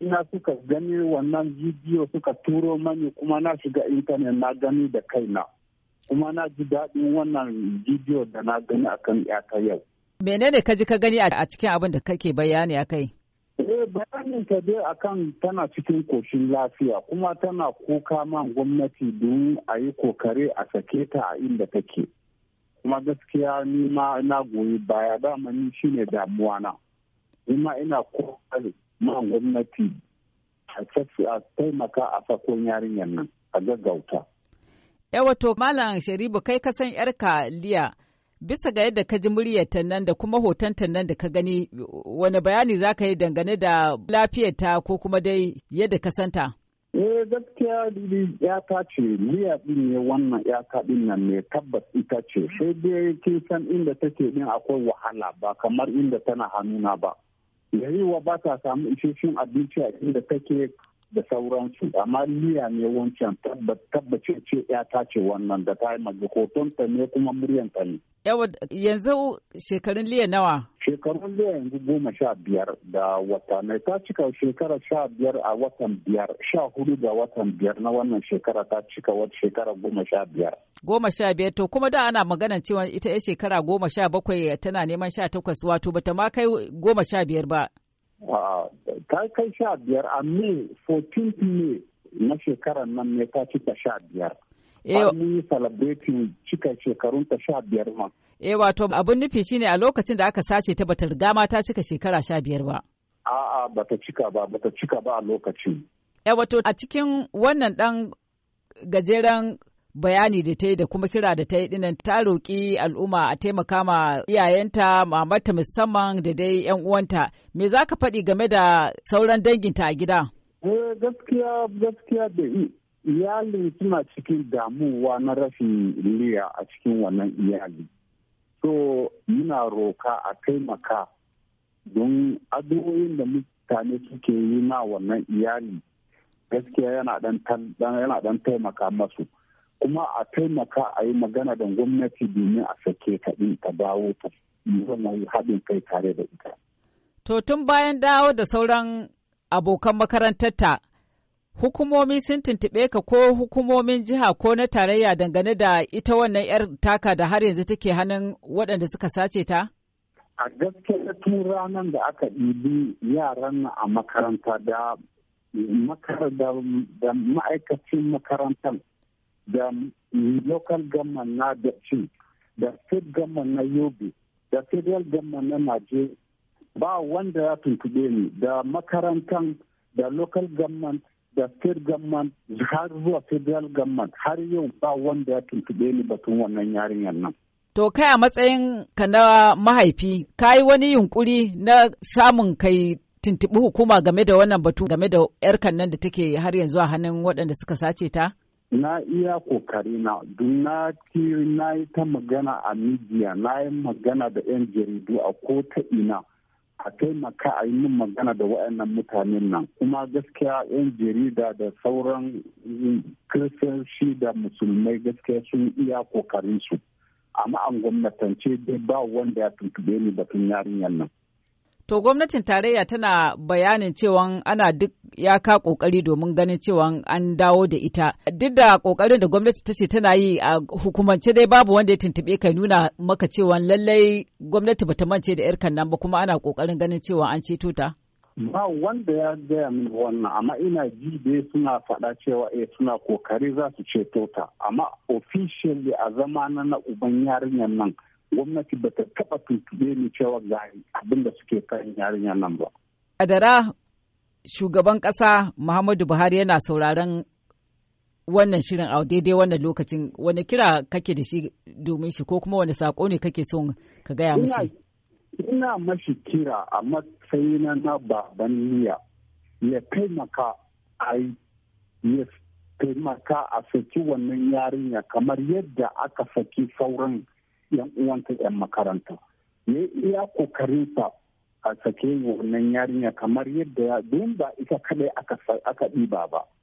na suka gani wannan bidiyo suka turo mani kuma na shiga intanet na gani da kaina kuma na ji daɗin wannan bidiyo da na gani akan yata yau. Menene ka ji ka gani a cikin abin da kake bayani a kai? Eh bayanin ta dai akan tana cikin koshin lafiya kuma tana kuka man gwamnati don a yi kokare a sake ta a inda take. Kuma gaskiya ni ma na goyi baya damani shine damuwa na. Ni ma ina kokari ma gwamnati a taimaka a sakon yarinyar nan a gaggauta. Yawato eh, Malam Sharibu kai ka san ‘yarka Liya, bisa ga yadda ka ji muryarta nan da kuma hotonta nan da ka gani, wani bayani za ka yi dangane da lafiyarta ko kuma dai yadda ka santa? Eh gaskiya ya ta ce Liya ɗin ne wannan ya ta nan ne tabbas ita ce, sai dai kin san inda take ɗin akwai wahala ba kamar inda tana hannuna ba. gari wa ba ta samu isasshen abinci a inda take da sauransu amma niyya ne wancan tabbace ce ya ta ce wannan da ta yi maga hotonta ne kuma muryanta ne. Yawa yanzu shekarun liya nawa? Shekarun liya yanzu goma sha biyar da wata mai ta cika shekara sha biyar a watan biyar sha hudu ga watan biyar na wannan shekara ta cika wata shekara goma sha biyar. Goma sha biyar to kuma da ana maganan cewa ita ya shekara goma sha bakwai tana neman sha takwas wato bata ma kai goma sha biyar ba. ta kai sha biyar a may 14th may na shekarar nan ne ta cika sha biyar eh, mun yi celebrating cika shekarun ta sha biyar ma eh wato abin nufi shine a lokacin da aka sace ta bata riga mata ta cika shekara sha biyar ba a'a bata cika ba bata cika ba a lokacin eh wato a cikin wannan dan gajeren bayani da ta yi da kuma kira da ta yi dinan ta roƙi al'umma a taimaka ma iyayenta mamarta musamman da dai yan uwanta me za ka faɗi game da sauran danginta a gida eh, gaskiya gaskiya da iyali suna cikin damuwa na rashin liya a cikin wannan iyali so muna roka a taimaka don addu'o'in da mutane suke yi na wannan iyali gaskiya yana dan taimaka masu kuma a taimaka a yi magana da gwamnati domin a sake ta ɗin ta dawo ta yi haɗin kai tare da ita. To tun bayan dawo da sauran abokan makarantarta, hukumomi sun tuntuɓe ka ko hukumomin jiha ko na tarayya dangane da ita wannan 'yar taka da har yanzu take hannun waɗanda suka sace ta? A gaskiya tun ranar da aka ɗibi yaran a makaranta da ma'aikacin makarantar da local government na da da state government na yobe da federal government na Naje, ba wanda ya tuntube ni da makarantan da local government da state government har zuwa federal government har yau ba wanda ya tuntube ni batun wannan yarinyar nan. To kai a matsayin ka na mahaifi, ka yi wani yunkuri na samun kai tuntuɓi hukuma game da wannan batu game da 'yar nan da take har yanzu a hannun waɗanda suka sace ta? na iya kokari na don na na yi ta magana a midiya na yi magana da 'yan jaridu a ko ta ina a taimaka a yi min magana da waɗannan mutanen nan kuma gaskiya 'yan jarida da sauran mm, kiristanci da musulmai gaskiya sun iya kokarin su amma an gwamnatance dai ba wanda ya tuntube ni batun yarinyar nan To gwamnatin tarayya tana bayanin cewa ana duk ya ka kokari domin ganin cewa an dawo da ita. Duk da kokarin da gwamnati ta ce tana yi a hukumance dai babu wanda ya tuntube kai nuna maka cewa lallai gwamnati bata mance da irkan nan ba kuma ana kokarin ganin cewa an ceto ta. ba wanda ya gaya min wannan amma ina ji dai suna faɗa cewa eh suna kokari za su ceto ta amma officially a zamana na uban yarinyar nan gwamnati ba ta taɓa tuntuɓe ni cewa ga abin da suke kan yarinya nan ba. dara shugaban ƙasa Muhammadu Buhari yana sauraron wannan shirin a daidai wannan lokacin wani kira kake da shi domin shi ko kuma wani saƙo ne kake son ka gaya mishi? Ina mashi kira a matsayina na baban niyya ya taimaka a ya taimaka a saki wannan yarinya kamar yadda aka saki sauran yan uwanta yan makaranta ya iya kokarinsa a sake wannan yarinya kamar yadda don ba ita kadai aka ɗiba ba